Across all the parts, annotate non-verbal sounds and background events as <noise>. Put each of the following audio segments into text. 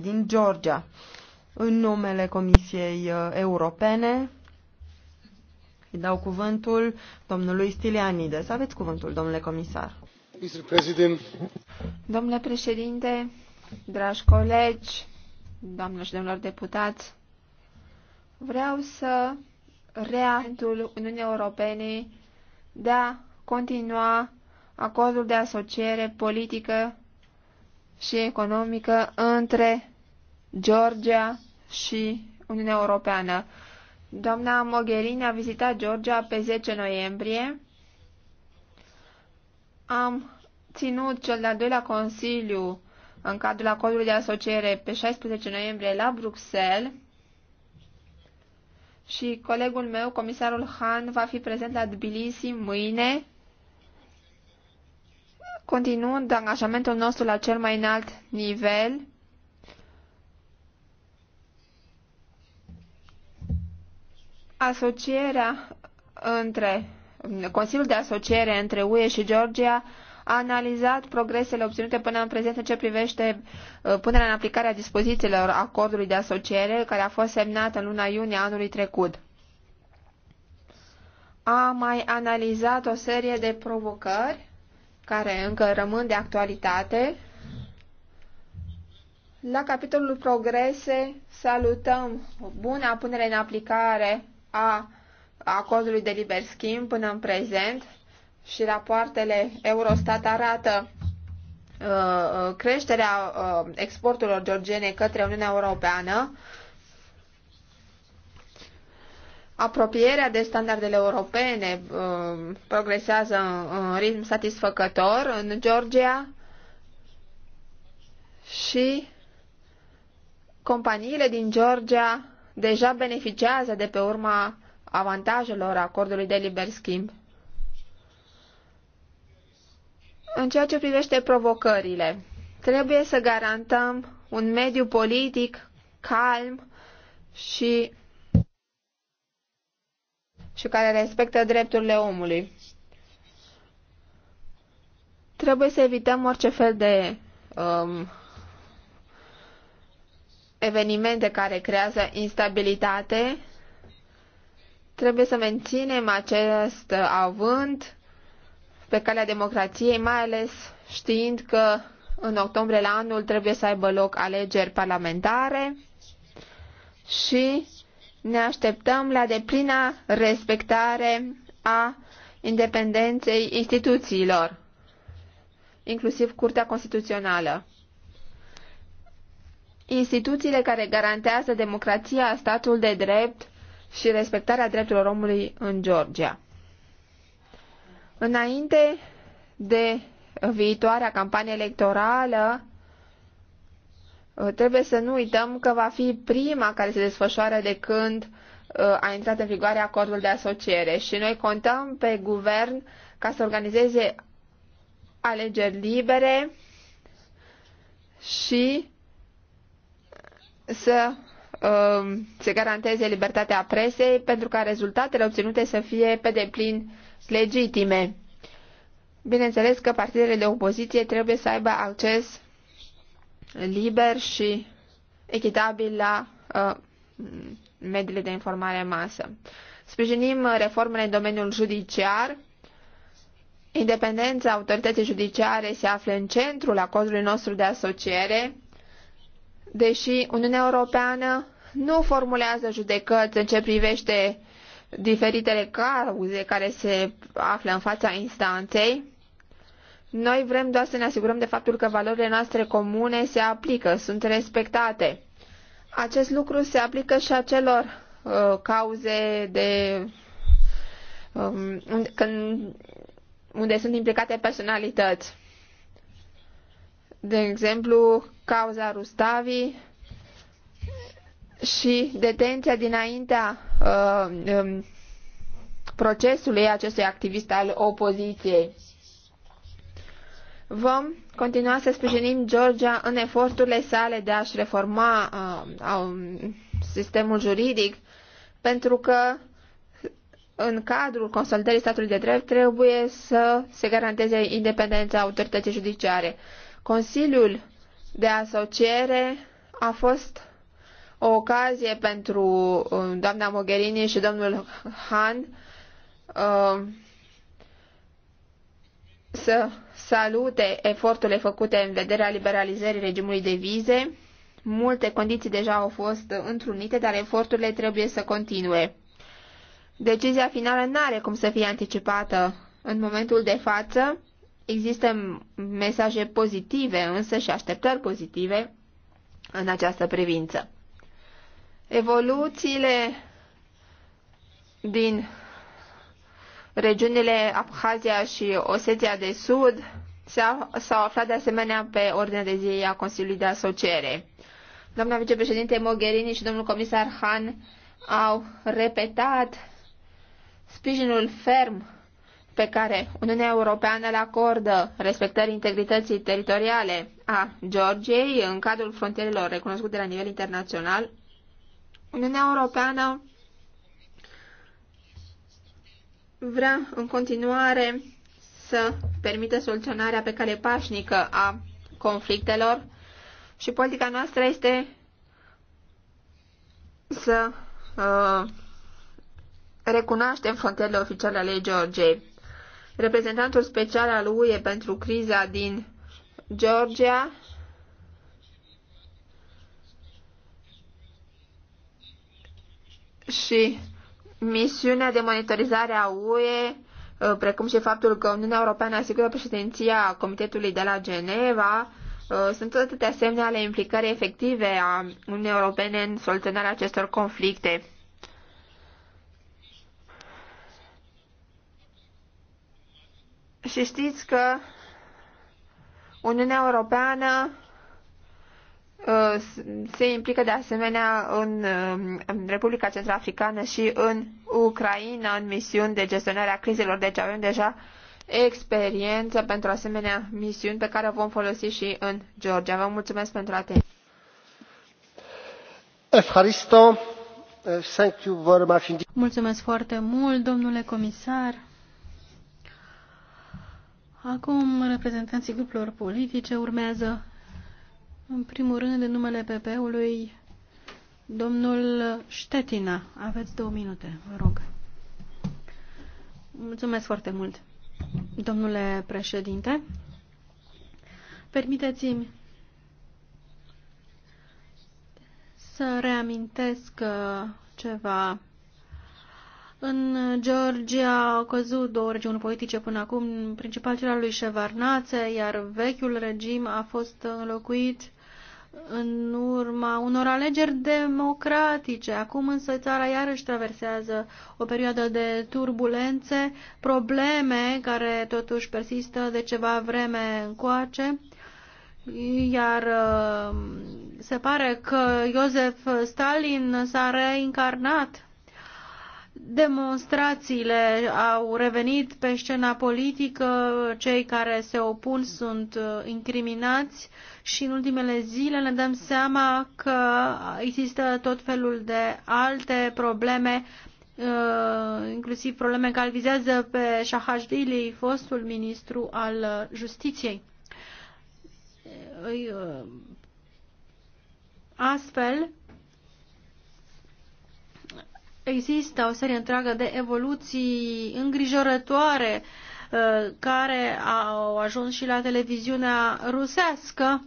din Georgia. În numele Comisiei uh, Europene îi dau cuvântul domnului Stilianides. Aveți cuvântul, domnule comisar. Domnule președinte, dragi colegi, doamnelor și domnilor deputați, vreau să reactul Uniunii Europene de a continua acordul de asociere politică și economică între Georgia și Uniunea Europeană. Doamna Mogherini a vizitat Georgia pe 10 noiembrie. Am ținut cel de-al doilea consiliu în cadrul acordului de asociere pe 16 noiembrie la Bruxelles și colegul meu, comisarul Han, va fi prezent la Tbilisi mâine continuând angajamentul nostru la cel mai înalt nivel, asocierea între Consiliul de asociere între UE și Georgia a analizat progresele obținute până în prezent în ce privește uh, punerea în aplicare a dispozițiilor acordului de asociere care a fost semnat în luna iunie anului trecut. A mai analizat o serie de provocări care încă rămân de actualitate. La capitolul progrese salutăm buna punere în aplicare a acordului de liber schimb până în prezent și rapoartele Eurostat arată uh, uh, creșterea uh, exporturilor georgiene către Uniunea Europeană apropierea de standardele europene uh, progresează în, în ritm satisfăcător în Georgia și companiile din Georgia deja beneficiază de pe urma avantajelor acordului de liber schimb. În ceea ce privește provocările, trebuie să garantăm un mediu politic calm și și care respectă drepturile omului. Trebuie să evităm orice fel de um, evenimente care creează instabilitate. Trebuie să menținem acest avânt pe calea democrației, mai ales știind că în octombrie la anul trebuie să aibă loc alegeri parlamentare și ne așteptăm la deplina respectare a independenței instituțiilor, inclusiv Curtea Constituțională. Instituțiile care garantează democrația, statul de drept și respectarea drepturilor omului în Georgia. Înainte de viitoarea campanie electorală, Uh, trebuie să nu uităm că va fi prima care se desfășoară de când uh, a intrat în vigoare acordul de asociere și noi contăm pe guvern ca să organizeze alegeri libere și să um, se garanteze libertatea presei pentru ca rezultatele obținute să fie pe deplin legitime. Bineînțeles că partidele de opoziție trebuie să aibă acces liber și echitabil la uh, mediile de informare în masă. Sprijinim reformele în domeniul judiciar. Independența autorității judiciare se află în centrul acordului nostru de asociere, deși Uniunea Europeană nu formulează judecăți în ce privește diferitele cauze care se află în fața instanței. Noi vrem doar să ne asigurăm de faptul că valorile noastre comune se aplică, sunt respectate. Acest lucru se aplică și acelor uh, cauze de um, când, unde sunt implicate personalități. De exemplu, cauza Rustavi și detenția dinaintea uh, um, procesului acestui activist al opoziției. Vom continua să sprijinim Georgia în eforturile sale de a-și reforma uh, uh, sistemul juridic, pentru că în cadrul consolidării statului de drept trebuie să se garanteze independența autorității judiciare. Consiliul de asociere a fost o ocazie pentru uh, doamna Mogherini și domnul Han uh, să salute eforturile făcute în vederea liberalizării regimului de vize. Multe condiții deja au fost întrunite, dar eforturile trebuie să continue. Decizia finală nu are cum să fie anticipată în momentul de față. Există mesaje pozitive, însă și așteptări pozitive în această privință. Evoluțiile din Regiunile Abhazia și Osetia de Sud s-au aflat de asemenea pe ordinea de zi a Consiliului de Asociere. Doamna vicepreședinte Mogherini și domnul comisar Han au repetat sprijinul ferm pe care Uniunea Europeană le acordă respectării integrității teritoriale a Georgiei în cadrul frontierelor recunoscute la nivel internațional. Uniunea Europeană vrea în continuare să permită soluționarea pe cale pașnică a conflictelor și politica noastră este să uh, recunoaștem frontierele oficiale ale Georgiei. Reprezentantul special al UE pentru criza din Georgia și misiunea de monitorizare a UE, uh, precum și faptul că Uniunea Europeană asigură președinția Comitetului de la Geneva, uh, sunt atâtea semne ale implicării efective a Uniunii Europene în soluționarea acestor conflicte. Și știți că Uniunea Europeană Uh, se implică de asemenea um, în Republica Centrafricană și în Ucraina în misiuni de gestionare a crizelor. Deci avem deja experiență pentru asemenea misiuni pe care o vom folosi și în Georgia. Vă mulțumesc pentru atenție. Efharisto, uh, thank you very much. Mulțumesc foarte mult, domnule comisar. Acum, reprezentanții grupurilor politice urmează în primul rând, în numele PP-ului, domnul Ștetina. Aveți două minute, vă rog. Mulțumesc foarte mult, domnule președinte. Permiteți-mi să reamintesc uh, ceva în Georgia au căzut două regiuni politice până acum, principal cel al lui Șevarnațe, iar vechiul regim a fost înlocuit în urma unor alegeri democratice. Acum însă țara iarăși traversează o perioadă de turbulențe, probleme care totuși persistă de ceva vreme încoace. Iar uh, se pare că Iosef Stalin s-a reincarnat Demonstrațiile au revenit pe scena politică, cei care se opun sunt uh, incriminați și în ultimele zile ne dăm seama că există tot felul de alte probleme, uh, inclusiv probleme care vizează pe Shahajdili, fostul ministru al uh, justiției. Astfel, Există o serie întreagă de evoluții îngrijorătoare uh, care au ajuns și la televiziunea rusească.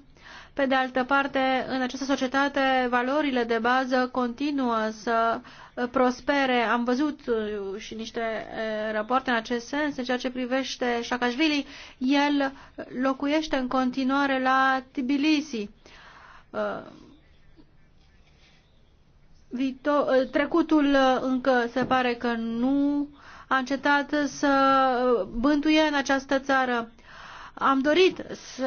Pe de altă parte, în această societate, valorile de bază continuă să prospere. Am văzut uh, și niște uh, rapoarte în acest sens, în ceea ce privește Shakashvili. El locuiește în continuare la Tbilisi Vito- ă, trecutul ă, încă se pare că nu a încetat să bântuie în această țară. Am dorit să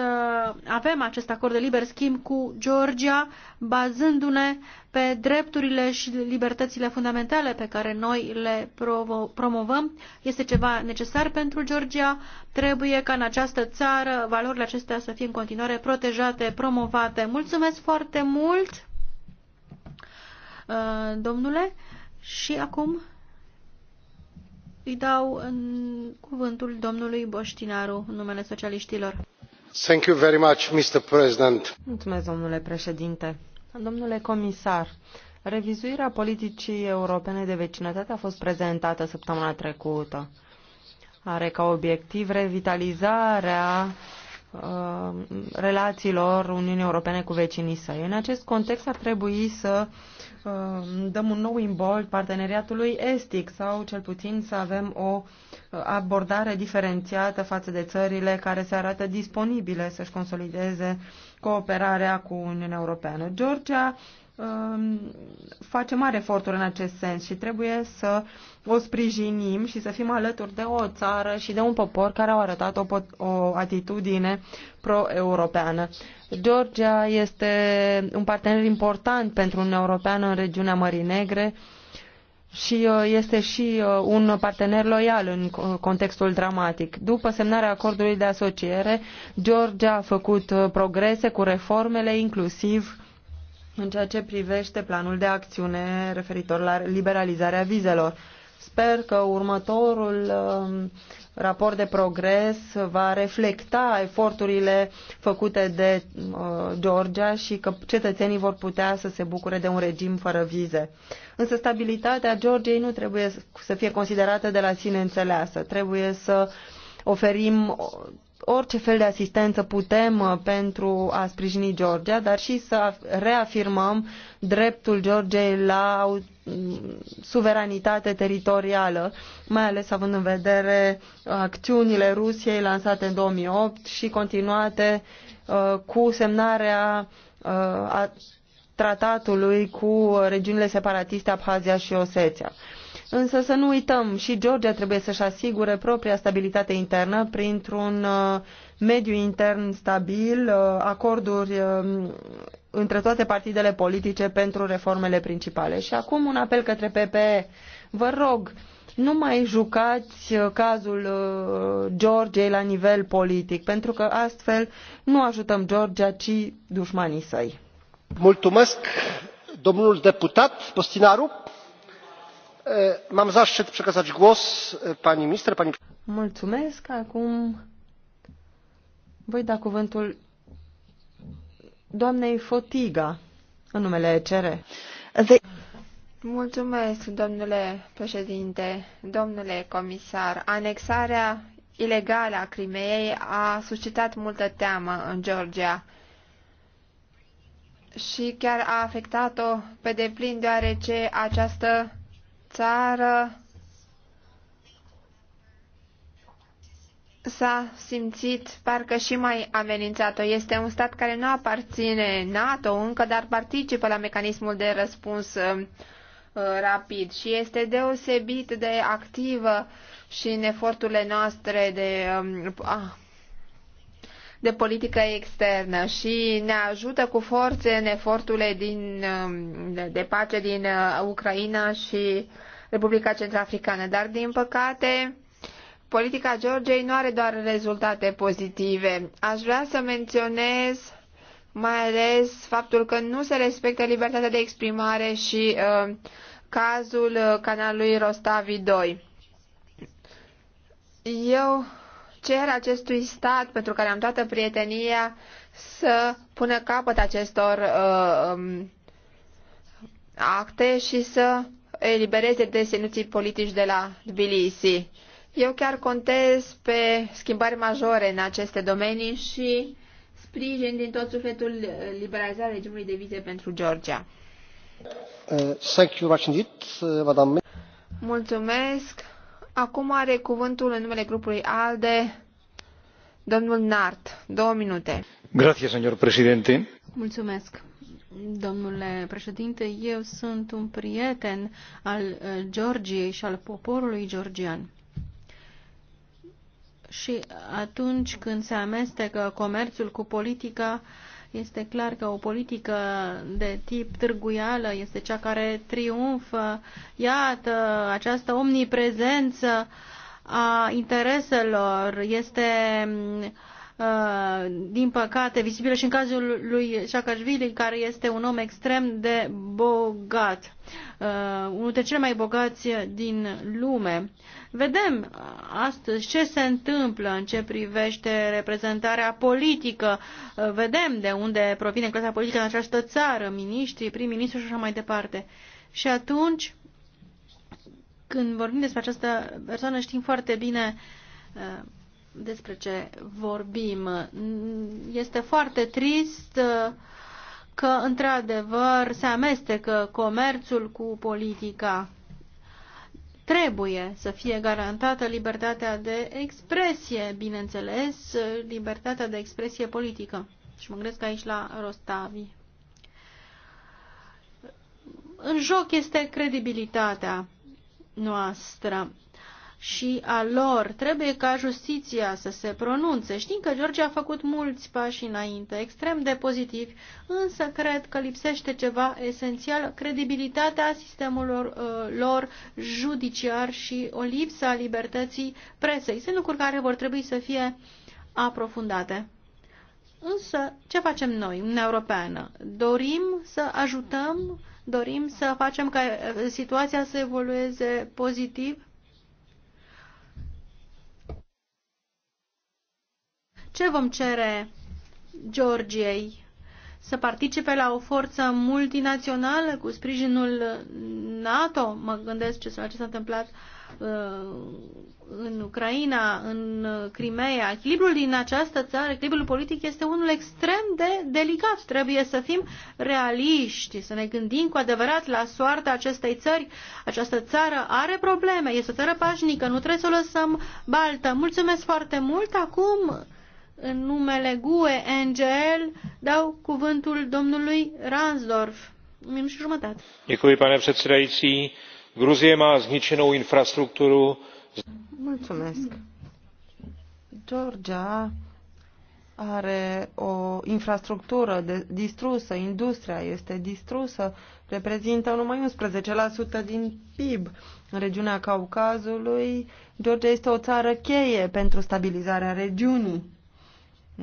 avem acest acord de liber schimb cu Georgia, bazându-ne pe drepturile și libertățile fundamentale pe care noi le promovăm. Este ceva necesar pentru Georgia. Trebuie ca în această țară valorile acestea să fie în continuare protejate, promovate. Mulțumesc foarte mult! Uh, domnule. Și acum îi dau în cuvântul domnului Boștinaru, în numele socialiștilor. Thank you very much, Mr. President. Mulțumesc, domnule președinte. Domnule comisar, revizuirea politicii europene de vecinătate a fost prezentată săptămâna trecută. Are ca obiectiv revitalizarea Uh, relațiilor Uniunii Europene cu vecinii săi. În acest context ar trebui să uh, dăm un nou imbol parteneriatului estic sau cel puțin să avem o uh, abordare diferențiată față de țările care se arată disponibile să-și consolideze cooperarea cu Uniunea Europeană. Georgia Um, face mari eforturi în acest sens și trebuie să o sprijinim și să fim alături de o țară și de un popor care au arătat o, o atitudine pro-europeană. Georgia este un partener important pentru Uniunea Europeană în regiunea Mării Negre și uh, este și uh, un partener loial în contextul dramatic. După semnarea acordului de asociere, Georgia a făcut uh, progrese cu reformele, inclusiv în ceea ce privește planul de acțiune referitor la liberalizarea vizelor. Sper că următorul um, raport de progres va reflecta eforturile făcute de uh, Georgia și că cetățenii vor putea să se bucure de un regim fără vize. Însă stabilitatea Georgiei nu trebuie să fie considerată de la sine înțeleasă. Trebuie să oferim orice fel de asistență putem uh, pentru a sprijini Georgia, dar și să reafirmăm dreptul Georgiei la suveranitate teritorială, mai ales având în vedere acțiunile Rusiei lansate în 2008 și continuate uh, cu semnarea uh, a tratatului cu regiunile separatiste Abhazia și Osetia. Însă să nu uităm, și Georgia trebuie să-și asigure propria stabilitate internă printr-un uh, mediu intern stabil, uh, acorduri uh, între toate partidele politice pentru reformele principale. Și acum un apel către PPE. Vă rog, nu mai jucați cazul Georgiei la nivel politic, pentru că astfel nu ajutăm Georgia, ci dușmanii săi. Mulțumesc, domnul deputat Postinaru. Mam zaszczyt przekazać głos pani minister, pani... Mulțumesc. Acum voi da cuvântul doamnei Fotiga în numele ECR. Mulțumesc, domnule președinte, domnule comisar. Anexarea ilegală a Crimeei a suscitat multă teamă în Georgia și chiar a afectat-o pe deplin deoarece această țară s-a simțit parcă și mai amenințată. Este un stat care nu aparține NATO încă, dar participă la mecanismul de răspuns uh, rapid și este deosebit de activă și în eforturile noastre de um, ah, de politică externă și ne ajută cu forțe în eforturile din, um, de pace din uh, Ucraina și Republica Centrafricană. Dar, din păcate, politica Georgiei nu are doar rezultate pozitive. Aș vrea să menționez mai ales faptul că nu se respectă libertatea de exprimare și uh, cazul uh, canalului Rostavi 2. Eu cer acestui stat pentru care am toată prietenia să pună capăt acestor uh, um, acte și să elibereze desenuții politici de la Tbilisi. Eu chiar contez pe schimbări majore în aceste domenii și sprijin din tot sufletul liberalizarea regimului de vize pentru Georgia. Uh, thank you, uh, Mulțumesc. Acum are cuvântul în numele grupului ALDE domnul Nart. Două minute. Grazie, señor președinte. Mulțumesc. Domnule președinte, eu sunt un prieten al uh, Georgiei și al poporului georgian. Și atunci când se amestecă comerțul cu politica, uh, este clar că o politică de tip târguială este cea care triumfă. Iată, această omniprezență a intereselor este uh, Uh, din păcate, vizibilă și în cazul lui Shakashvili, care este un om extrem de bogat, uh, unul dintre cele mai bogați din lume. Vedem astăzi ce se întâmplă în ce privește reprezentarea politică, uh, vedem de unde provine clasa politică în această țară, miniștri, prim-ministru și așa mai departe. Și atunci, când vorbim despre această persoană, știm foarte bine uh, despre ce vorbim. Este foarte trist uh, că, într-adevăr, se amestecă comerțul cu politica. Trebuie să fie garantată libertatea de expresie, bineînțeles, libertatea de expresie politică. Și mă gândesc aici la Rostavi. În joc este credibilitatea noastră și a lor. Trebuie ca justiția să se pronunțe. Știm că George a făcut mulți pași înainte, extrem de pozitivi, însă cred că lipsește ceva esențial, credibilitatea sistemelor uh, lor judiciar și o lipsă a libertății presei. Sunt lucruri care vor trebui să fie aprofundate. Însă, ce facem noi, Uniunea Europeană? Dorim să ajutăm, dorim să facem ca uh, situația să evolueze pozitiv, Ce vom cere Georgiei? Să participe la o forță multinațională cu sprijinul NATO? Mă gândesc ce s-a întâmplat uh, în Ucraina, în Crimea. Echilibrul din această țară, echilibrul politic este unul extrem de delicat. Trebuie să fim realiști, să ne gândim cu adevărat la soarta acestei țări. Această țară are probleme, este o țară pașnică, nu trebuie să o lăsăm baltă. Mulțumesc foarte mult. Acum în numele GUE NGL dau cuvântul domnului Ransdorf. Minut și jumătate. Děkuji, pane předsedající. Gruzie má zničenou infrastrukturu. Mulțumesc. Georgia are o infrastructură de, distrusă, industria este distrusă, reprezintă numai 11% din PIB. În regiunea Caucazului, Georgia este o țară cheie pentru stabilizarea regiunii.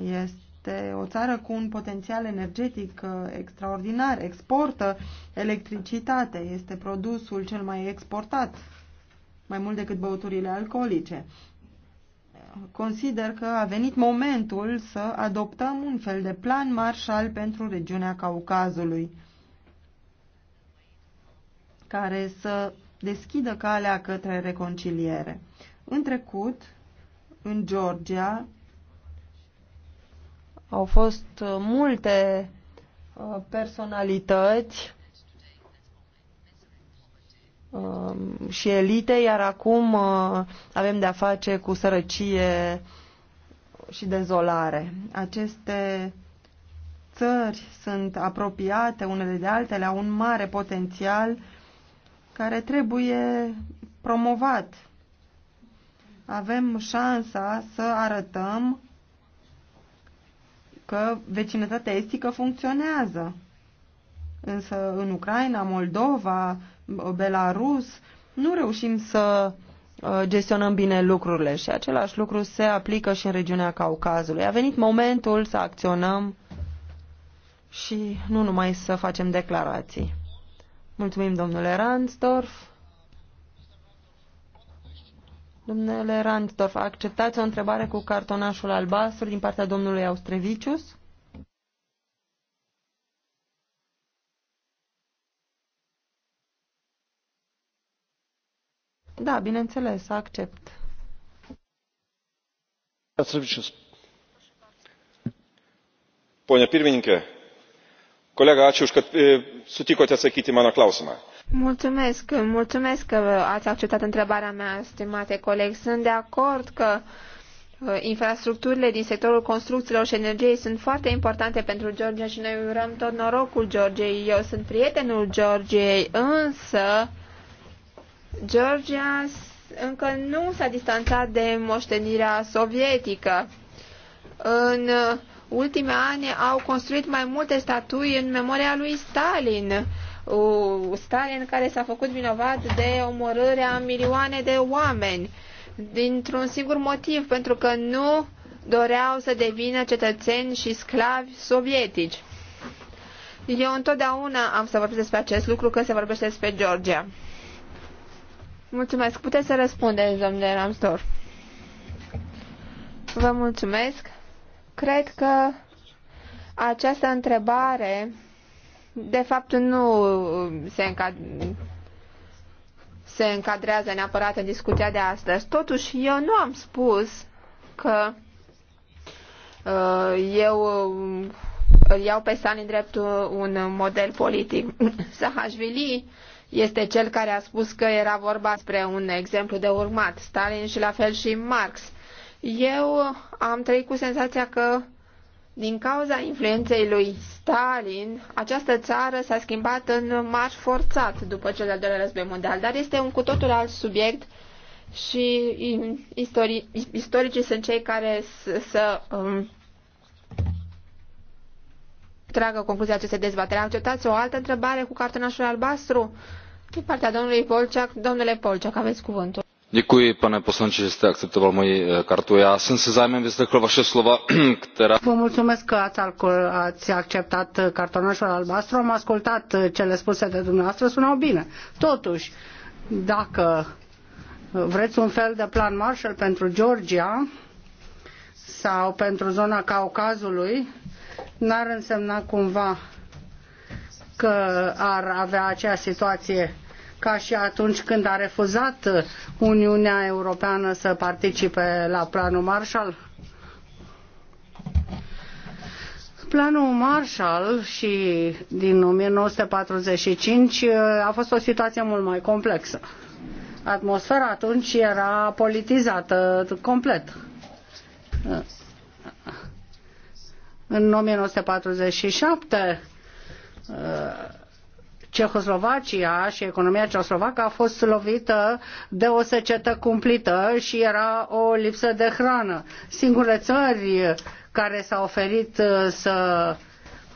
Este o țară cu un potențial energetic uh, extraordinar, exportă electricitate, este produsul cel mai exportat, mai mult decât băuturile alcoolice. Consider că a venit momentul să adoptăm un fel de plan Marshall pentru regiunea Caucazului, care să deschidă calea către reconciliere. În trecut, în Georgia, au fost uh, multe uh, personalități um, și elite, iar acum uh, avem de-a face cu sărăcie și dezolare. Aceste țări sunt apropiate unele de altele, au un mare potențial care trebuie promovat. Avem șansa să arătăm că vecinătatea estică funcționează. Însă în Ucraina, Moldova, Belarus, nu reușim să uh, gestionăm bine lucrurile și același lucru se aplică și în regiunea Caucazului. A venit momentul să acționăm și nu numai să facem declarații. Mulțumim, domnule Ransdorf. Domnule Randstorf, acceptați o întrebare cu cartonașul albastru din partea domnului Austrevicius? Da, bineînțeles, accept. Austrevicius. Pone pirmininke, kolega, ačiū už, kad sutikote atsakyti mano klausimą. Mulțumesc, mulțumesc că ați acceptat întrebarea mea, stimate coleg. Sunt de acord că uh, infrastructurile din sectorul construcțiilor și energiei sunt foarte importante pentru Georgia și noi urăm tot norocul Georgiei. Eu sunt prietenul Georgiei, însă Georgia încă nu s-a distanțat de moștenirea sovietică. În uh, ultimele ani au construit mai multe statui în memoria lui Stalin Stalin care s-a făcut vinovat de omorârea milioane de oameni dintr-un singur motiv, pentru că nu doreau să devină cetățeni și sclavi sovietici. Eu întotdeauna am să vorbesc despre acest lucru când se vorbește despre Georgia. Mulțumesc. Puteți să răspundeți, domnule Ramstor. Vă mulțumesc. Cred că această întrebare de fapt nu se, încadrează, se încadrează neapărat în discuția de astăzi. Totuși, eu nu am spus că uh, eu uh, îl iau pe Sani drept un model politic. Sahajvili <clears throat> este cel care a spus că era vorba despre un exemplu de urmat, Stalin și la fel și Marx. Eu am trăit cu senzația că din cauza influenței lui Stalin, această țară s-a schimbat în marș forțat după cel de-al doilea război mondial, dar este un cu totul alt subiect și istori- istoricii sunt cei care să, um, tragă concluzia acestei dezbatere. Acceptați o altă întrebare cu cartonașul albastru? Din partea domnului Polceac, domnule Polceac, aveți cuvântul. Děkuji, pane poslanče, že jste akceptoval moji eh, kartu. Já jsem se zájmem vyslechl vaše slova, <clears throat> která... Vă mulțumesc că ați, ați acceptat cartonașul albastru. Am ascultat cele spuse de dumneavoastră, sunau bine. Totuși, dacă vreți un fel de plan Marshall pentru Georgia sau pentru zona Caucazului, n-ar însemna cumva că ar avea aceeași situație ca și atunci când a refuzat Uniunea Europeană să participe la planul Marshall? Planul Marshall și din 1945 uh, a fost o situație mult mai complexă. Atmosfera atunci era politizată complet. Uh, în 1947 Cehoslovacia și economia Cehoslovacă a fost lovită de o secetă cumplită și era o lipsă de hrană. Singurele țări care s-a oferit uh, să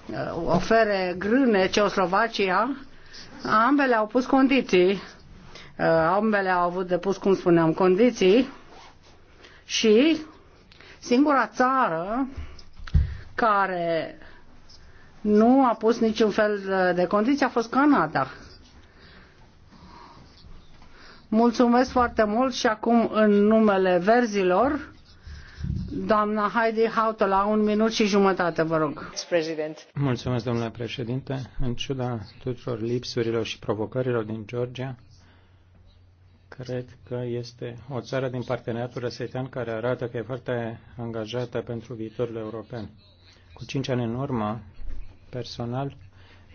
uh, ofere grâne Cehoslovacia, ambele au pus condiții. Uh, ambele au avut de pus, cum spuneam, condiții și singura țară care nu a pus niciun fel de condiție, a fost Canada. Mulțumesc foarte mult și acum în numele verzilor, doamna Heidi la un minut și jumătate, vă rog. Mulțumesc, domnule președinte. În ciuda tuturor lipsurilor și provocărilor din Georgia, cred că este o țară din parteneriatul răsetean care arată că e foarte angajată pentru viitorul european. Cu cinci ani în urmă, Personal,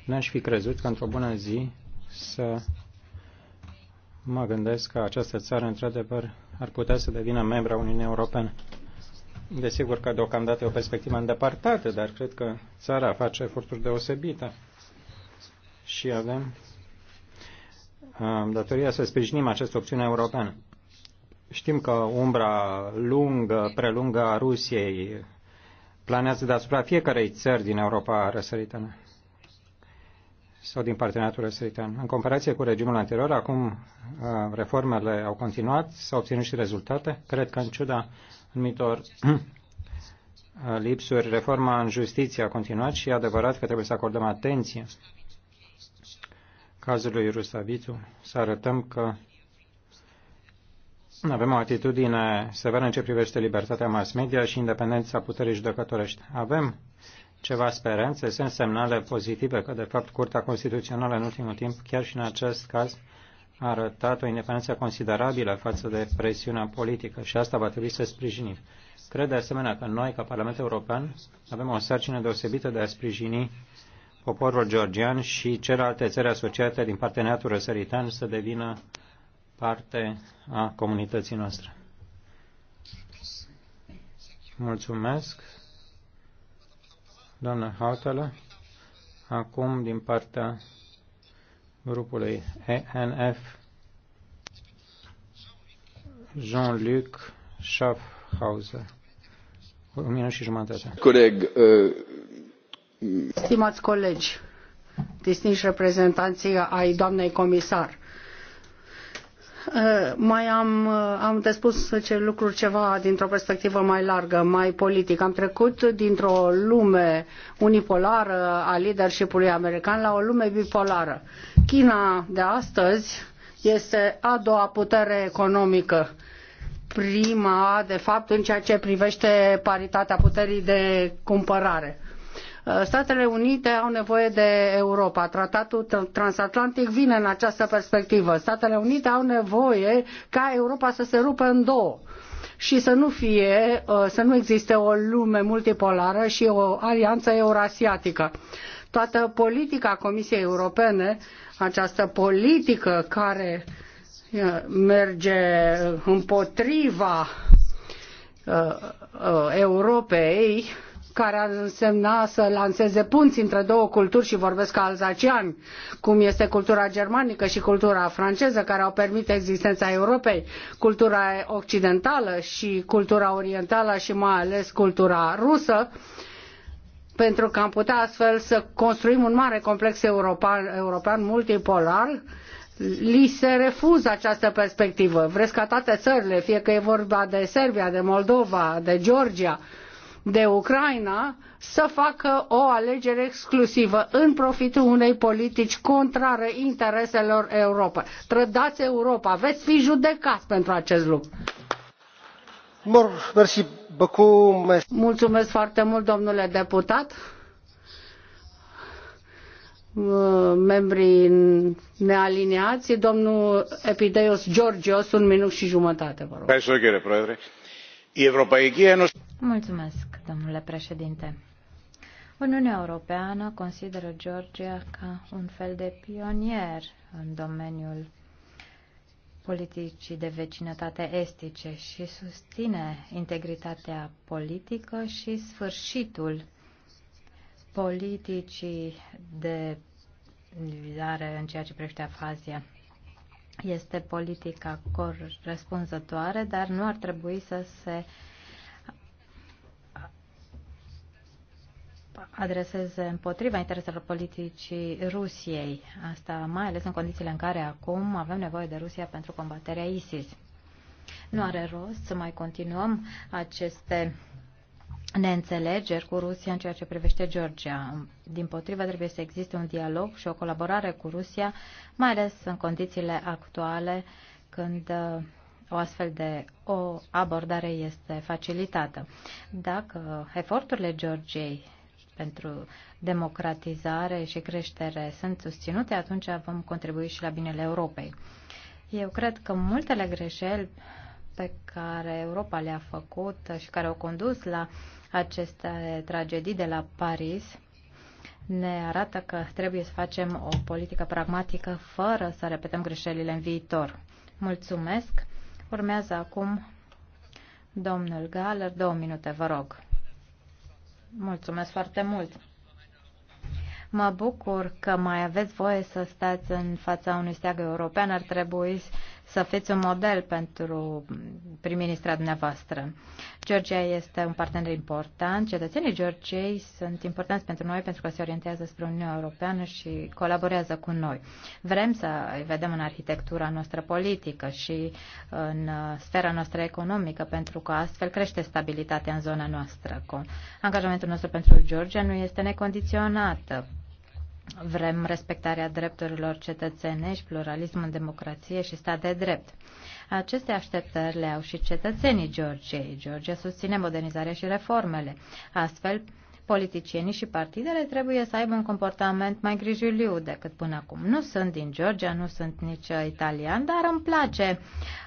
n-aș fi crezut că într-o bună zi să mă gândesc că această țară, într-adevăr, ar putea să devină membra Uniunii Europene. Desigur că deocamdată e o perspectivă îndepărtată, dar cred că țara face eforturi deosebite și avem datoria să sprijinim această opțiune europeană. Știm că umbra lungă, prelungă a Rusiei planează deasupra fiecarei țări din Europa răsăritană sau din parteneriatul răsăritan. În comparație cu regimul anterior, acum uh, reformele au continuat, s-au obținut și rezultate. Cred că în ciuda anumitor uh, lipsuri, reforma în justiție a continuat și e adevărat că trebuie să acordăm atenție cazului Rusavitu, să arătăm că avem o atitudine severă în ce privește libertatea mass media și independența puterii judecătorești. Avem ceva speranțe, sunt semnale pozitive că, de fapt, Curtea Constituțională în ultimul timp, chiar și în acest caz, a arătat o independență considerabilă față de presiunea politică și asta va trebui să sprijinim. Cred de asemenea că noi, ca Parlament European, avem o sarcină deosebită de a sprijini poporul georgian și celelalte țări asociate din parteneriatul răsăritan să devină parte a comunității noastre. Mulțumesc, doamna Hautala. Acum, din partea grupului ENF, Jean-Luc Schaffhauser. Un minut și jumătate. Coleg, uh... Stimați colegi, distinși reprezentanții ai doamnei comisar, Eh, mai am, eh, am de spus ce lucruri ceva dintr-o perspectivă mai largă, mai politică. Am trecut dintr-o lume unipolară a leadership-ului american la o lume bipolară. China de astăzi este a doua putere economică prima, de fapt, în ceea ce privește paritatea puterii de cumpărare. Uh, Statele Unite au nevoie de Europa. Tratatul transatlantic vine în această perspectivă. Statele Unite au nevoie ca Europa să se rupă în două și să nu fie, uh, să nu existe o lume multipolară și o alianță eurasiatică. Toată politica Comisiei Europene, această politică care uh, merge împotriva Europei, care ar însemna să lanseze punți între două culturi și vorbesc ca alzacian, cum este cultura germanică și cultura franceză, care au permis existența Europei, cultura occidentală și cultura orientală și mai ales cultura rusă, pentru că am putea astfel să construim un mare complex european, european multipolar, li se refuză această perspectivă. Vreți ca toate țările, fie că e vorba de Serbia, de Moldova, de Georgia, de Ucraina să facă o alegere exclusivă în profitul unei politici contrare intereselor Europei. Trădați Europa, veți fi judecați pentru acest lucru. Mulțumesc foarte mult, domnule deputat membrii nealiniați. Domnul Epideios Georgios, un minut și jumătate, vă rog. Mulțumesc domnule președinte. Uniunea Europeană consideră Georgia ca un fel de pionier în domeniul politicii de vecinătate estice și susține integritatea politică și sfârșitul politicii de divizare în ceea ce privește afazia. Este politica corespunzătoare, dar nu ar trebui să se uh, adreseze împotriva intereselor politicii Rusiei. Asta mai ales în condițiile în care acum avem nevoie de Rusia pentru combaterea ISIS. Nu are rost să mai continuăm aceste neînțelegeri cu Rusia în ceea ce privește Georgia. Din potrivă, trebuie să existe un dialog și o colaborare cu Rusia, mai ales în condițiile actuale, când uh, o astfel de o abordare este facilitată. Dacă eforturile Georgiei pentru democratizare și creștere sunt susținute, atunci vom contribui și la binele Europei. Eu cred că multele greșeli pe care Europa le-a făcut și care au condus la aceste tragedii de la Paris ne arată că trebuie să facem o politică pragmatică fără să repetăm greșelile în viitor. Mulțumesc. Urmează acum domnul Galer. Două minute, vă rog. Mulțumesc foarte mult! Mă bucur că mai aveți voie să stați în fața unui steag european. Ar trebui să fiți un model pentru prim-ministra dumneavoastră. Georgia este un partener important. Cetățenii Georgiei sunt importanți pentru noi pentru că se orientează spre Uniunea Europeană și colaborează cu noi. Vrem să îi vedem în arhitectura noastră politică și în sfera noastră economică pentru că astfel crește stabilitatea în zona noastră. Angajamentul nostru pentru Georgia nu este necondiționat Vrem respectarea drepturilor cetățenești, pluralism în democrație și stat de drept. Aceste așteptări le au și cetățenii Georgiei. Georgia susține modernizarea și reformele. Astfel, politicienii și partidele trebuie să aibă un comportament mai grijuliu decât până acum. Nu sunt din Georgia, nu sunt nici italian, dar îmi place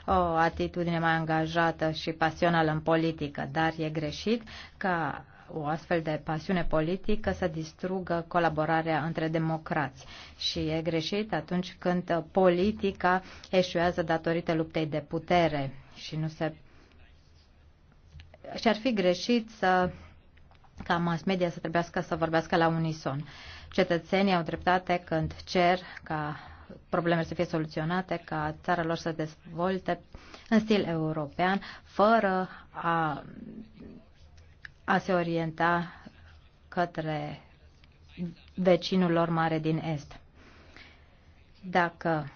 o atitudine mai angajată și pasională în politică, dar e greșit ca o astfel de pasiune politică să distrugă colaborarea între democrați. Și e greșit atunci când politica eșuează datorită luptei de putere și nu se. Și ar fi greșit să ca mass media să trebuiască să vorbească la unison. Cetățenii au dreptate când cer ca problemele să fie soluționate, ca țara lor să dezvolte în stil european, fără a a se orienta către vecinul lor mare din Est. Dacă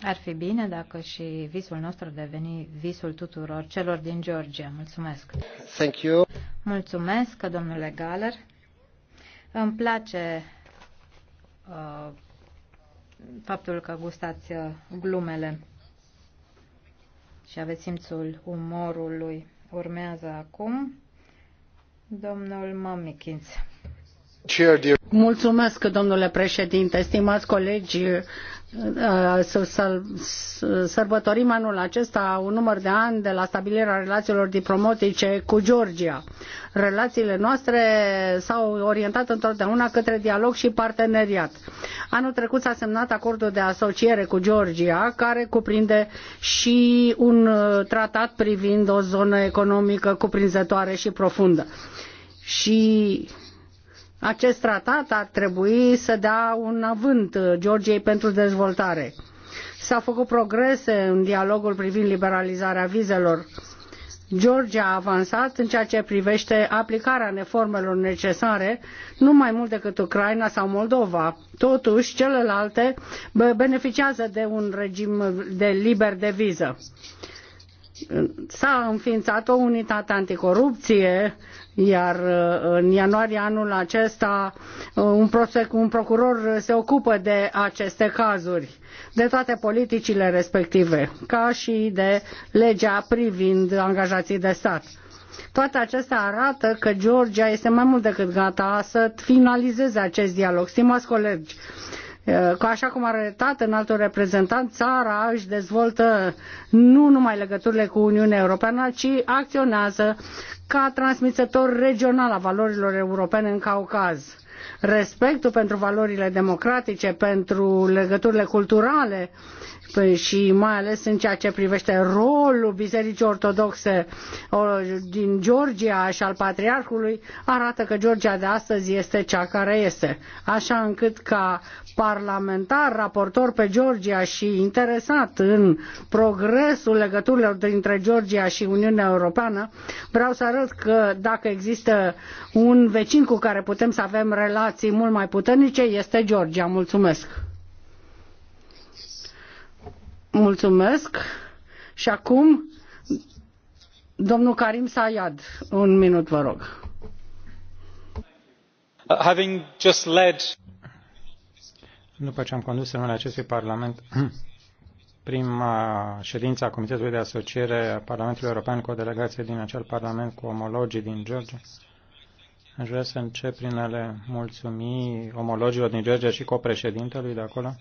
ar fi bine dacă și visul nostru deveni visul tuturor celor din Georgia. Mulțumesc. Thank you. Mulțumesc, domnule Galer. Îmi place uh, faptul că gustați uh, glumele și aveți simțul umorului. Urmează acum domnul Mamikins. Mulțumesc, domnule președinte, stimați colegi. Să sărbătorim anul acesta un număr de ani de la stabilirea relațiilor diplomatice cu Georgia. Relațiile noastre s-au orientat întotdeauna către dialog și parteneriat. Anul trecut s-a semnat acordul de asociere cu Georgia, care cuprinde și un tratat privind o zonă economică cuprinzătoare și profundă. Și acest tratat ar trebui să dea un avânt uh, Georgiei pentru dezvoltare. S-au făcut progrese în dialogul privind liberalizarea vizelor. Georgia a avansat în ceea ce privește aplicarea reformelor necesare, nu mai mult decât Ucraina sau Moldova. Totuși, celelalte beneficiază de un regim de liber de viză. S-a înființat o unitate anticorupție iar uh, în ianuarie anul acesta uh, un, un procuror se ocupă de aceste cazuri, de toate politicile respective, ca și de legea privind angajații de stat. Toate acestea arată că Georgia este mai mult decât gata să finalizeze acest dialog. Stimați colegi, Așa cum a arătat în altul reprezentant, țara își dezvoltă nu numai legăturile cu Uniunea Europeană, ci acționează ca transmițător regional a valorilor europene în Caucaz. Respectul pentru valorile democratice, pentru legăturile culturale Păi și mai ales în ceea ce privește rolul Bisericii Ortodoxe din Georgia și al Patriarhului, arată că Georgia de astăzi este cea care este. Așa încât ca parlamentar, raportor pe Georgia și interesat în progresul legăturilor dintre Georgia și Uniunea Europeană, vreau să arăt că dacă există un vecin cu care putem să avem relații mult mai puternice, este Georgia. Mulțumesc! Mulțumesc. Și acum, domnul Karim Sayad, un minut, vă rog. Uh, having just led... După ce am condus în acestui Parlament <clears throat> prima ședință a Comitetului de Asociere a Parlamentului European cu o delegație din acel Parlament cu omologii din Georgia, aș vrea să încep prin a le mulțumi omologilor din Georgia și copreședintelui de acolo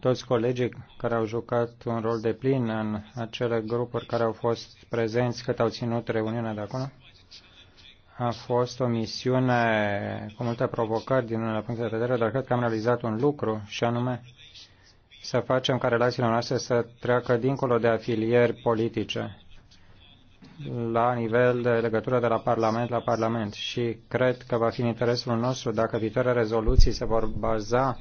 toți colegii care au jucat un rol de plin în acele grupuri care au fost prezenți cât au ținut reuniunea de acolo. A fost o misiune cu multe provocări din unele puncte de vedere, dar cred că am realizat un lucru și anume să facem ca relațiile noastre să treacă dincolo de afilieri politice la nivel de legătură de la Parlament la Parlament și cred că va fi în interesul nostru dacă viitoarele rezoluții se vor baza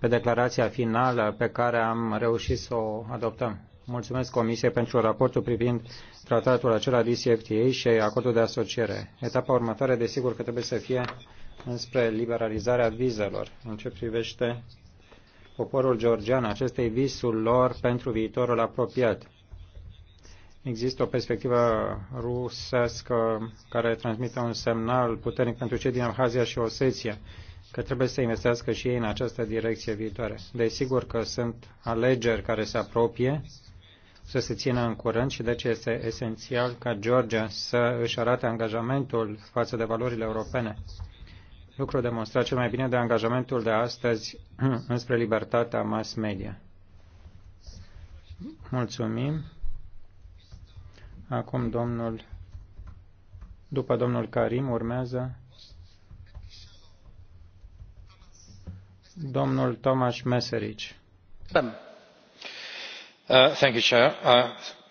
pe declarația finală pe care am reușit să o adoptăm. Mulțumesc Comisiei pentru raportul privind tratatul acela DCFTA și acordul de asociere. Etapa următoare, desigur că trebuie să fie înspre liberalizarea vizelor. În ce privește poporul georgian, acestei visul lor pentru viitorul apropiat. Există o perspectivă rusească care transmite un semnal puternic pentru cei din Abhazia și Oseția că trebuie să investească și ei în această direcție viitoare. Desigur că sunt alegeri care se apropie, să se țină în curând și de deci ce este esențial ca Georgia să își arate angajamentul față de valorile europene. Lucru demonstrat cel mai bine de angajamentul de astăzi <clears throat> înspre libertatea mass media. Mulțumim. Acum domnul, după domnul Karim urmează Domnul Tomaș Meserici. Uh, thank you, Chair. Uh,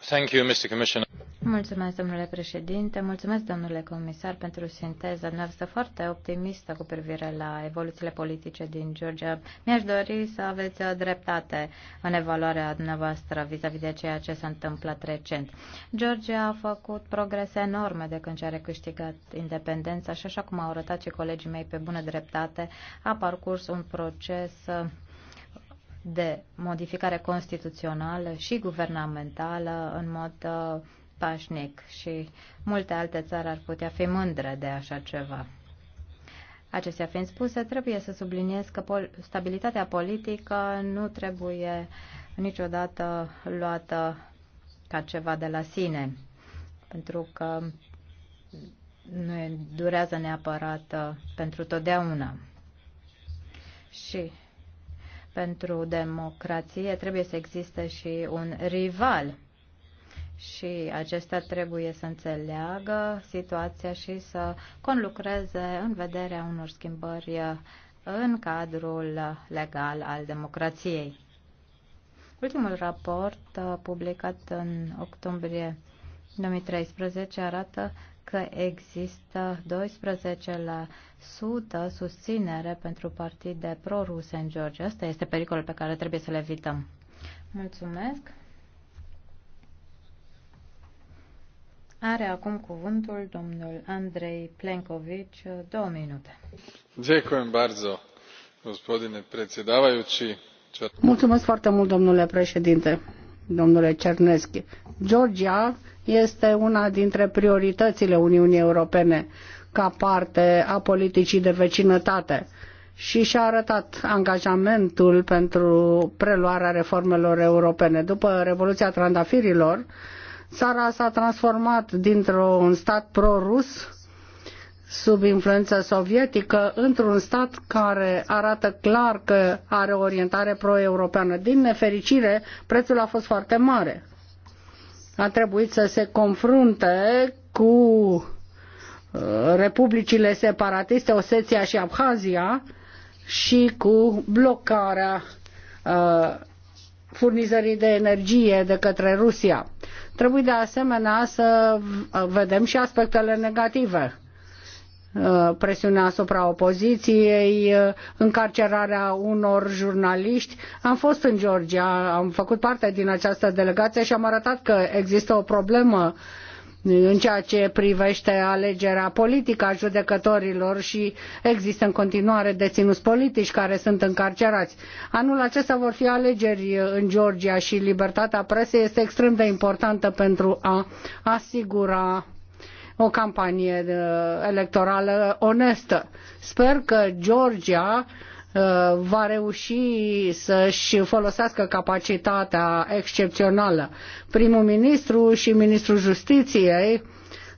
thank you, Mr. Commissioner. Mulțumesc, domnule președinte, mulțumesc, domnule comisar, pentru sinteza noastră foarte optimistă cu privire la evoluțiile politice din Georgia. Mi-aș dori să aveți dreptate în evaluarea dumneavoastră vis-a-vis -vis de ceea ce s-a întâmplat recent. Georgia a făcut progrese enorme de când și-a recâștigat independența și, așa cum au arătat și colegii mei pe bună dreptate, a parcurs un proces de modificare constituțională și guvernamentală în mod uh, pașnic și multe alte țări ar putea fi mândre de așa ceva. Acestea fiind spuse, trebuie să subliniez că pol- stabilitatea politică nu trebuie niciodată luată ca ceva de la sine, pentru că nu e durează neapărat uh, pentru totdeauna. Și pentru democrație trebuie să existe și un rival și acesta trebuie să înțeleagă situația și să conlucreze în vederea unor schimbări în cadrul legal al democrației. Ultimul raport uh, publicat în octombrie 2013 arată că există 12% susținere pentru partide pro-ruse în Georgia. Asta este pericolul pe care trebuie să-l evităm. Mulțumesc! Are acum cuvântul domnul Andrei Plenković, două minute. Mulțumesc foarte mult, domnule președinte, domnule Cerneschi. Georgia este una dintre prioritățile Uniunii Europene ca parte a politicii de vecinătate și și-a arătat angajamentul pentru preluarea reformelor europene. După Revoluția Trandafirilor, Țara s-a transformat dintr-un stat pro-rus sub influență sovietică într-un stat care arată clar că are o orientare pro-europeană. Din nefericire, prețul a fost foarte mare. A trebuit să se confrunte cu uh, republicile separatiste, Oseția și Abhazia, și cu blocarea uh, furnizării de energie de către Rusia. Trebuie de asemenea să vedem și aspectele negative uh, presiunea asupra opoziției, uh, încarcerarea unor jurnaliști. Am fost în Georgia, am făcut parte din această delegație și am arătat că există o problemă uh, în ceea ce privește alegerea politică a judecătorilor și există în continuare deținuți politici care sunt încarcerați. Anul acesta vor fi alegeri în Georgia și libertatea presei este extrem de importantă pentru a asigura o campanie uh, electorală onestă. Sper că Georgia Uh, va reuși să-și folosească capacitatea excepțională. Primul ministru și ministrul justiției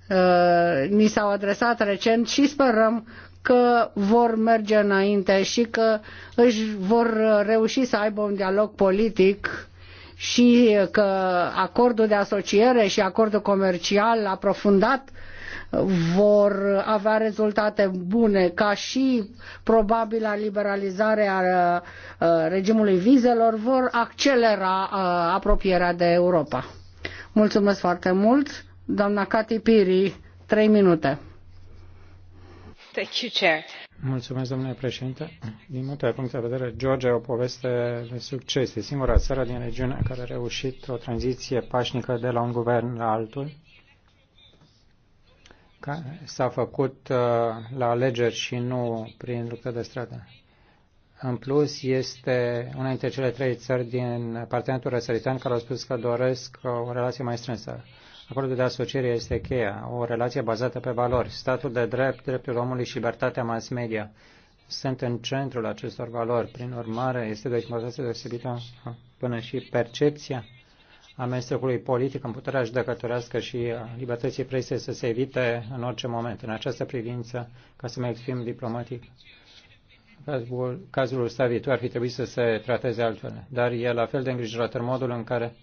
uh, ni s-au adresat recent și sperăm că vor merge înainte și că își vor reuși să aibă un dialog politic și că acordul de asociere și acordul comercial aprofundat uh, vor avea rezultate bune, ca și probabila liberalizare a regimului vizelor, vor accelera apropierea de Europa. Mulțumesc foarte mult. Doamna Cati Piri, trei minute. Thank you, Chair. Mulțumesc, domnule președinte. Din multe puncte de vedere, Georgia e o poveste de succes. E singura țară din regiune care a reușit o tranziție pașnică de la un guvern la altul s-a făcut uh, la alegeri și nu prin luptă de stradă. În plus, este una dintre cele trei țări din parteneriatul răsăritan care au spus că doresc uh, o relație mai strânsă. Acordul de asociere este cheia, o relație bazată pe valori. Statul de drept, dreptul omului și libertatea mass media sunt în centrul acestor valori. Prin urmare, este de o importanță deosebită uh, până și percepția amestecului politic în puterea judecătorească și libertății presei să se evite în orice moment. În această privință, ca să mă exprim diplomatic, cazul, cazul Stavitu ar fi trebuit să se trateze altfel. Dar e la fel de în modul în care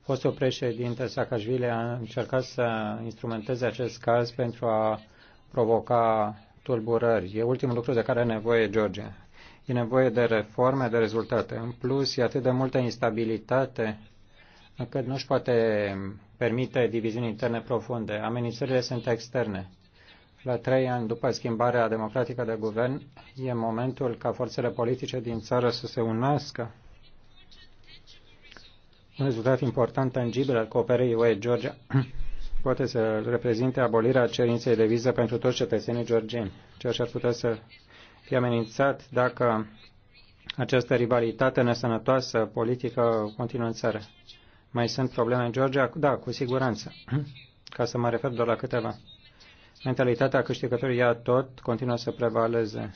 fostul președinte Saakashvili a încercat să instrumenteze acest caz pentru a provoca tulburări. E ultimul lucru de care are nevoie Georgia. E nevoie de reforme, de rezultate. În plus, e atât de multă instabilitate încât nu își poate permite diviziuni interne profunde. Amenințările sunt externe. La trei ani după schimbarea democratică de guvern, e momentul ca forțele politice din țară să se unească. Un rezultat important, tangibil al cooperării UE-Georgia <coughs> poate să reprezinte abolirea cerinței de viză pentru toți cetățenii georgieni, ceea ce ar putea să fie amenințat dacă această rivalitate nesănătoasă politică continuă în țară. Mai sunt probleme în Georgia? Da, cu siguranță. <clears throat> Ca să mă refer doar la câteva. Mentalitatea câștigătorului ia tot, continuă să prevaleze.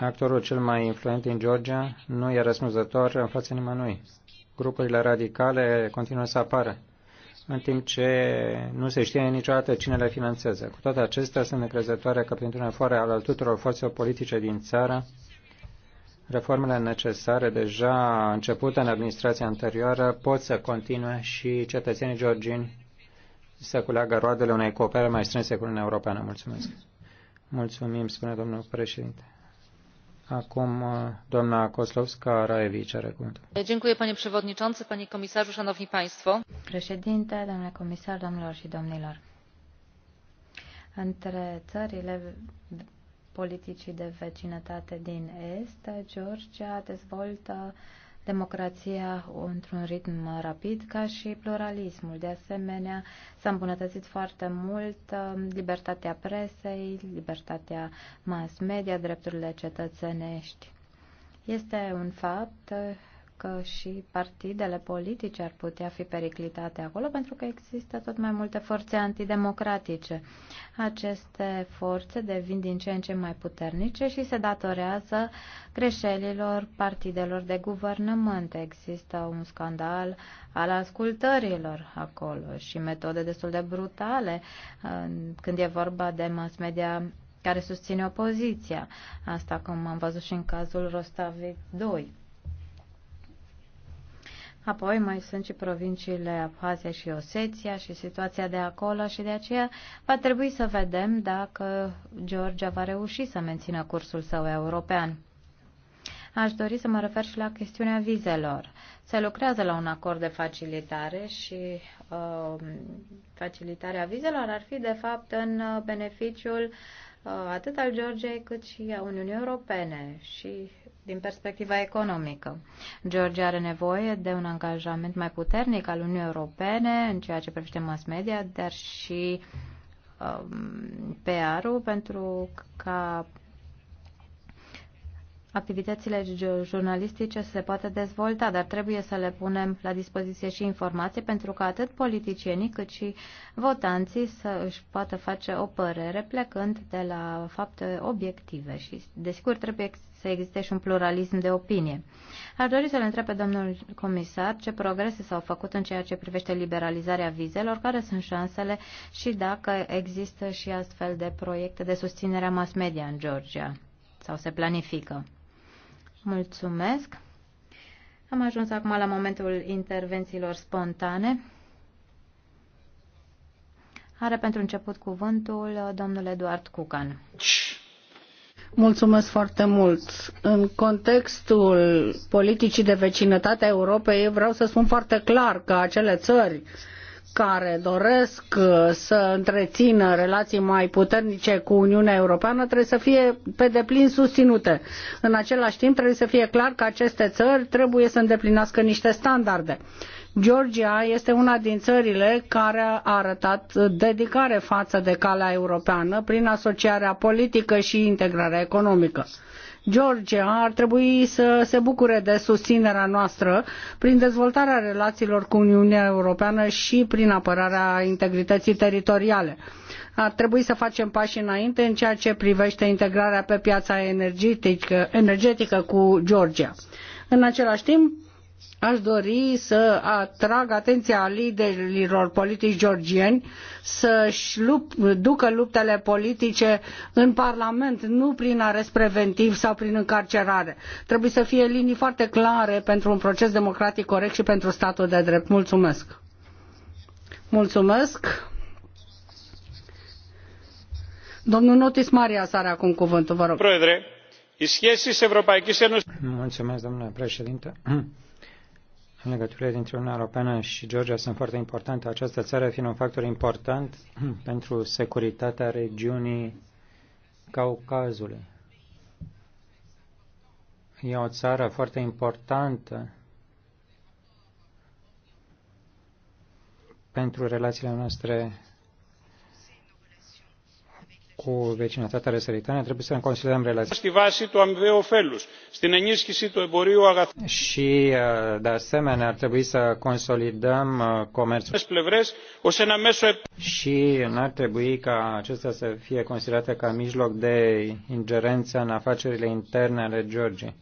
Actorul cel mai influent din Georgia nu e răspunzător în fața nimănui. Grupurile radicale continuă să apară, în timp ce nu se știe niciodată cine le finanțează. Cu toate acestea, sunt încrezătoare că printr-un efort al tuturor forțelor politice din țară, reformele necesare deja începute în administrația anterioară pot să continue și cetățenii georgini să culeagă roadele unei coopere mai strânse cu Uniunea Europeană. Mulțumesc. Mulțumim, spune domnul președinte. Acum doamna Koslovska Raevici are cuvântul. Dziękuję panie przewodniczący, panie komisarzu, szanowni państwo. Președinte, domnule comisar, domnilor și domnilor. Între țările politicii de vecinătate din Est, Georgia dezvoltă democrația într-un ritm rapid, ca și pluralismul. De asemenea, s-a îmbunătățit foarte mult um, libertatea presei, libertatea mass media, drepturile cetățenești. Este un fapt că și partidele politice ar putea fi periclitate acolo, pentru că există tot mai multe forțe antidemocratice. Aceste forțe devin din ce în ce mai puternice și se datorează greșelilor partidelor de guvernământ. Există un scandal al ascultărilor acolo și metode destul de brutale când e vorba de mass media care susține opoziția. Asta cum am văzut și în cazul Rostavit 2. Apoi mai sunt și provinciile Abhazia și Oseția și situația de acolo și de aceea va trebui să vedem dacă Georgia va reuși să mențină cursul său european. Aș dori să mă refer și la chestiunea vizelor. Se lucrează la un acord de facilitare și uh, facilitarea vizelor ar fi de fapt în uh, beneficiul uh, Uh, atât al Georgiei cât și a Uniunii Europene și din perspectiva economică. Georgia are nevoie de un angajament mai puternic al Uniunii Europene în ceea ce privește mass media, dar și um, PR-ul pentru ca activitățile jurnalistice se poate dezvolta, dar trebuie să le punem la dispoziție și informații pentru că atât politicienii cât și votanții să își poată face o părere plecând de la fapte obiective și desigur trebuie să existe și un pluralism de opinie. Ar dori să-l întreb pe domnul comisar ce progrese s-au făcut în ceea ce privește liberalizarea vizelor, care sunt șansele și dacă există și astfel de proiecte de susținere a mass media în Georgia sau se planifică. Mulțumesc. Am ajuns acum la momentul intervențiilor spontane. Are pentru început cuvântul domnul Eduard Cucan. Mulțumesc foarte mult. În contextul politicii de vecinătate a Europei, vreau să spun foarte clar că acele țări care doresc uh, să întrețină relații mai puternice cu Uniunea Europeană trebuie să fie pe deplin susținute. În același timp trebuie să fie clar că aceste țări trebuie să îndeplinească niște standarde. Georgia este una din țările care a arătat dedicare față de calea europeană prin asociarea politică și integrarea economică. Georgia ar trebui să se bucure de susținerea noastră prin dezvoltarea relațiilor cu Uniunea Europeană și prin apărarea integrității teritoriale. Ar trebui să facem pași înainte în ceea ce privește integrarea pe piața energetică, energetică cu Georgia. În același timp, Aș dori să atrag atenția liderilor politici georgieni să-și lup, ducă luptele politice în Parlament, nu prin arest preventiv sau prin încarcerare. Trebuie să fie linii foarte clare pentru un proces democratic corect și pentru statul de drept. Mulțumesc! Mulțumesc! Domnul Notis Maria are acum cuvântul, vă rog. Mulțumesc, domnule președinte. <clears throat> în legăturile dintre Uniunea Europeană și Georgia sunt foarte importante. Această țară fiind un factor important <clears throat> pentru securitatea regiunii Caucazului. E o țară foarte importantă pentru relațiile noastre cu vecinătatea răsăritană, trebuie să ne considerăm relații. Și, uh, de asemenea, ar trebui să consolidăm uh, comerțul. Și n-ar trebui ca acesta să fie considerată ca mijloc de ingerență în afacerile interne ale Georgiei.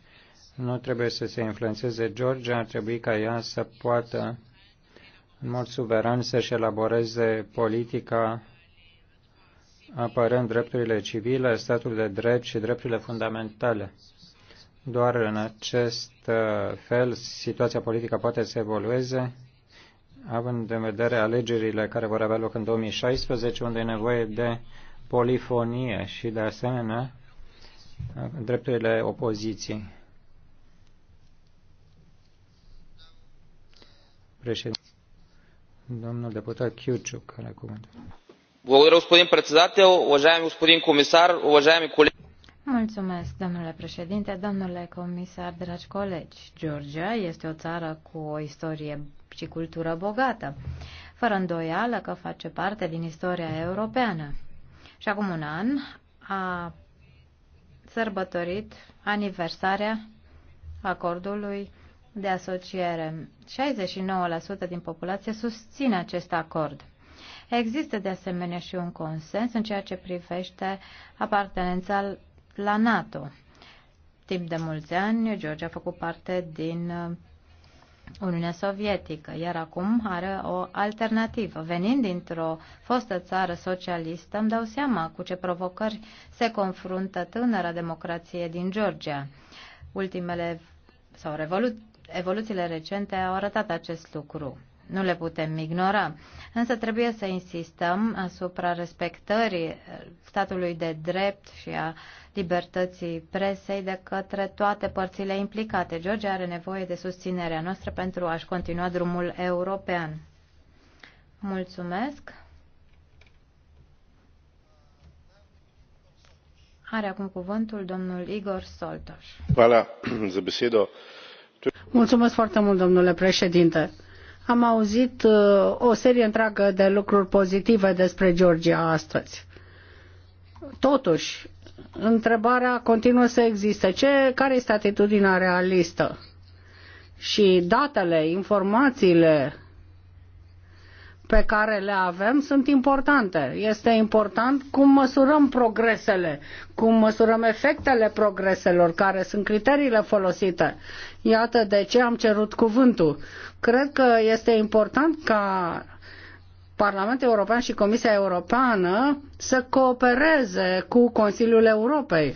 Nu trebuie să se influențeze Georgia, ar trebui ca ea să poată în mod suveran să-și elaboreze politica apărând drepturile civile, statul de drept și drepturile fundamentale. Doar în acest uh, fel situația politică poate să evolueze, având în vedere alegerile care vor avea loc în 2016, unde e nevoie de polifonie și, de asemenea, drepturile opoziției. Președinte, domnul deputat Chiuciuc, care cuvântul. Господин председател, уважаеми господин комисар, уважаеми колеги. Mulțumesc, domnule președinte, domnule comisar, dragi colegi. Georgia este o țară cu o istorie și cultură bogată, fără îndoială că face parte din istoria europeană. Și acum un an a sărbătorit aniversarea acordului de asociere. 69% din populație susține acest acord. Există de asemenea și un consens în ceea ce privește apartenența la NATO. Timp de mulți ani, Georgia a făcut parte din uh, Uniunea Sovietică, iar acum are o alternativă. Venind dintr-o fostă țară socialistă, îmi dau seama cu ce provocări se confruntă tânăra democrație din Georgia. Ultimele sau revolu- evoluțiile recente au arătat acest lucru. Nu le putem ignora. Însă trebuie să insistăm asupra respectării statului de drept și a libertății presei de către toate părțile implicate. George are nevoie de susținerea noastră pentru a-și continua drumul european. Mulțumesc! Are acum cuvântul domnul Igor Soltoș. Mulțumesc foarte mult, domnule președinte am auzit uh, o serie întreagă de lucruri pozitive despre Georgia astăzi. Totuși, întrebarea continuă să existe. Ce, care este atitudinea realistă? Și datele, informațiile pe care le avem sunt importante. Este important cum măsurăm progresele, cum măsurăm efectele progreselor, care sunt criteriile folosite. Iată de ce am cerut cuvântul. Cred că este important ca Parlamentul European și Comisia Europeană să coopereze cu Consiliul Europei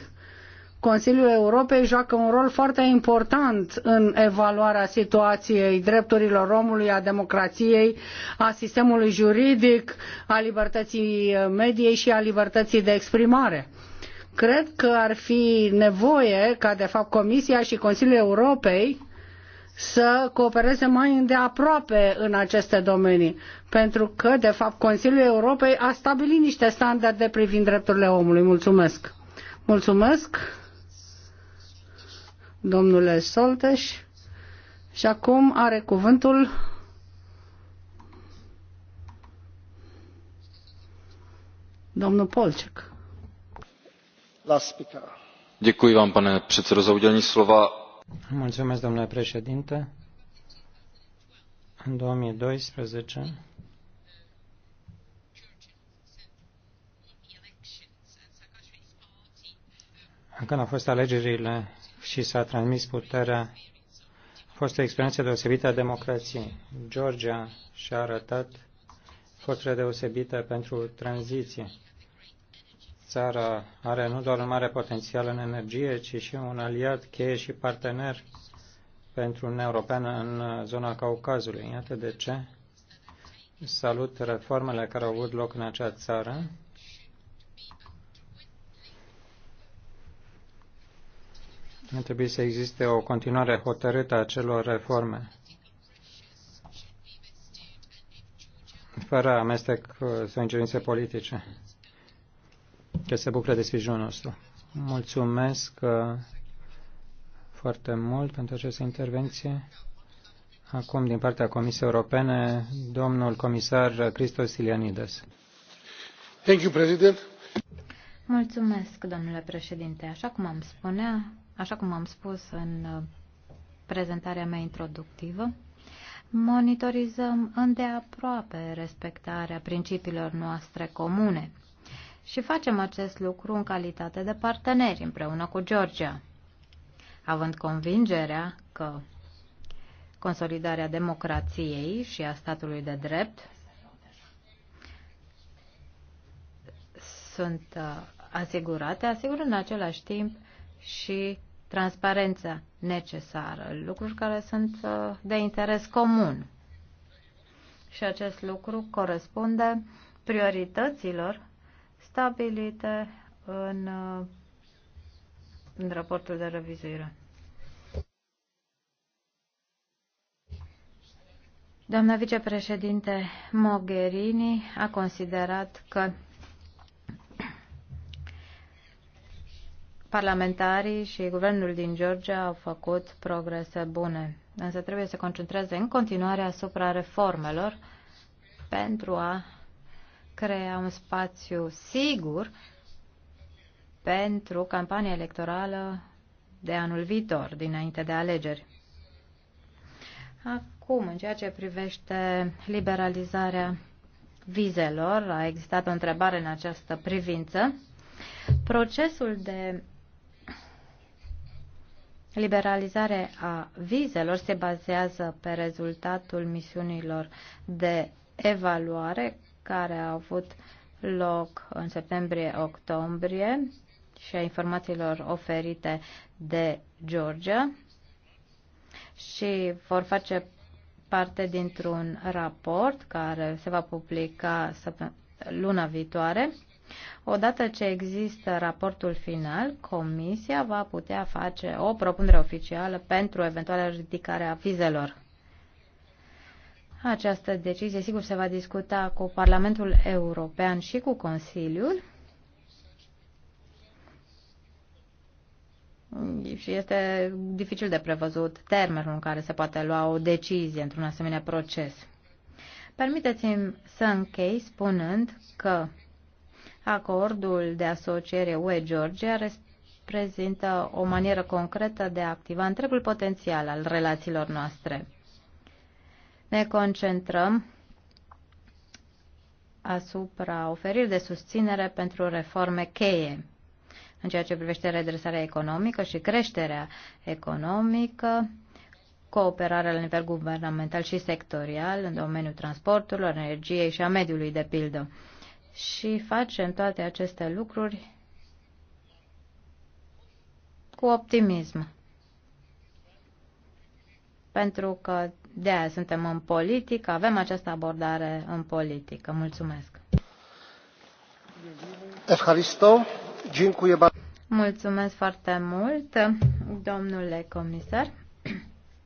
Consiliul Europei joacă un rol foarte important în evaluarea situației drepturilor omului, a democrației, a sistemului juridic, a libertății mediei și a libertății de exprimare cred că ar fi nevoie ca de fapt Comisia și Consiliul Europei să coopereze mai îndeaproape în aceste domenii, pentru că de fapt Consiliul Europei a stabilit niște standarde privind drepturile omului. Mulțumesc. Mulțumesc domnule Solteș. Și acum are cuvântul domnul Polcek. Děkuji vám, pane předsedo, za udělení slova. Mulțumesc, domnule președinte. În 2012, când au fost alegerile și s-a transmis puterea. A fost o experiență deosebită a democrației. Georgia și-a arătat forțele deosebită pentru tranziție. Țara are nu doar un mare potențial în energie, ci și un aliat cheie și partener pentru un european în zona Caucazului. Iată de ce salut reformele care au avut loc în acea țară Nu trebuie să existe o continuare hotărâtă a celor reforme. fără amestec sau ingerințe politice, că se bucură de sprijinul nostru. Mulțumesc uh, foarte mult pentru această intervenție. Acum, din partea Comisiei Europene, domnul comisar Cristos Silianides. Thank you, President. Mulțumesc, domnule președinte. Așa cum am spunea, așa cum am spus în uh, prezentarea mea introductivă, monitorizăm îndeaproape respectarea principiilor noastre comune și facem acest lucru în calitate de parteneri împreună cu Georgia, având convingerea că consolidarea democrației și a statului de drept sunt uh, asigurate, asigură în același timp și transparență necesară, lucruri care sunt uh, de interes comun. Și acest lucru corespunde priorităților stabilite în, uh, în raportul de revizuire. Doamna vicepreședinte Mogherini a considerat că Parlamentarii și guvernul din Georgia au făcut progrese bune, însă trebuie să se concentreze în continuare asupra reformelor pentru a crea un spațiu sigur pentru campania electorală de anul viitor, dinainte de alegeri. Acum, în ceea ce privește liberalizarea vizelor, a existat o întrebare în această privință. Procesul de Liberalizarea a vizelor se bazează pe rezultatul misiunilor de evaluare care au avut loc în septembrie-octombrie și a informațiilor oferite de Georgia și vor face parte dintr-un raport care se va publica luna viitoare Odată ce există raportul final, Comisia va putea face o propunere oficială pentru eventuala ridicare a vizelor. Această decizie, sigur, se va discuta cu Parlamentul European și cu Consiliul. Și este dificil de prevăzut termenul în care se poate lua o decizie într-un asemenea proces. Permiteți-mi să închei spunând că Acordul de asociere UE-Georgia reprezintă o manieră concretă de a activa întregul potențial al relațiilor noastre. Ne concentrăm asupra oferirii de susținere pentru reforme cheie în ceea ce privește redresarea economică și creșterea economică, cooperarea la nivel guvernamental și sectorial în domeniul transporturilor, energiei și a mediului, de pildă și facem toate aceste lucruri cu optimism. Pentru că de aia suntem în politică, avem această abordare în politică. Mulțumesc! Efharisto, Mulțumesc foarte mult, domnule comisar.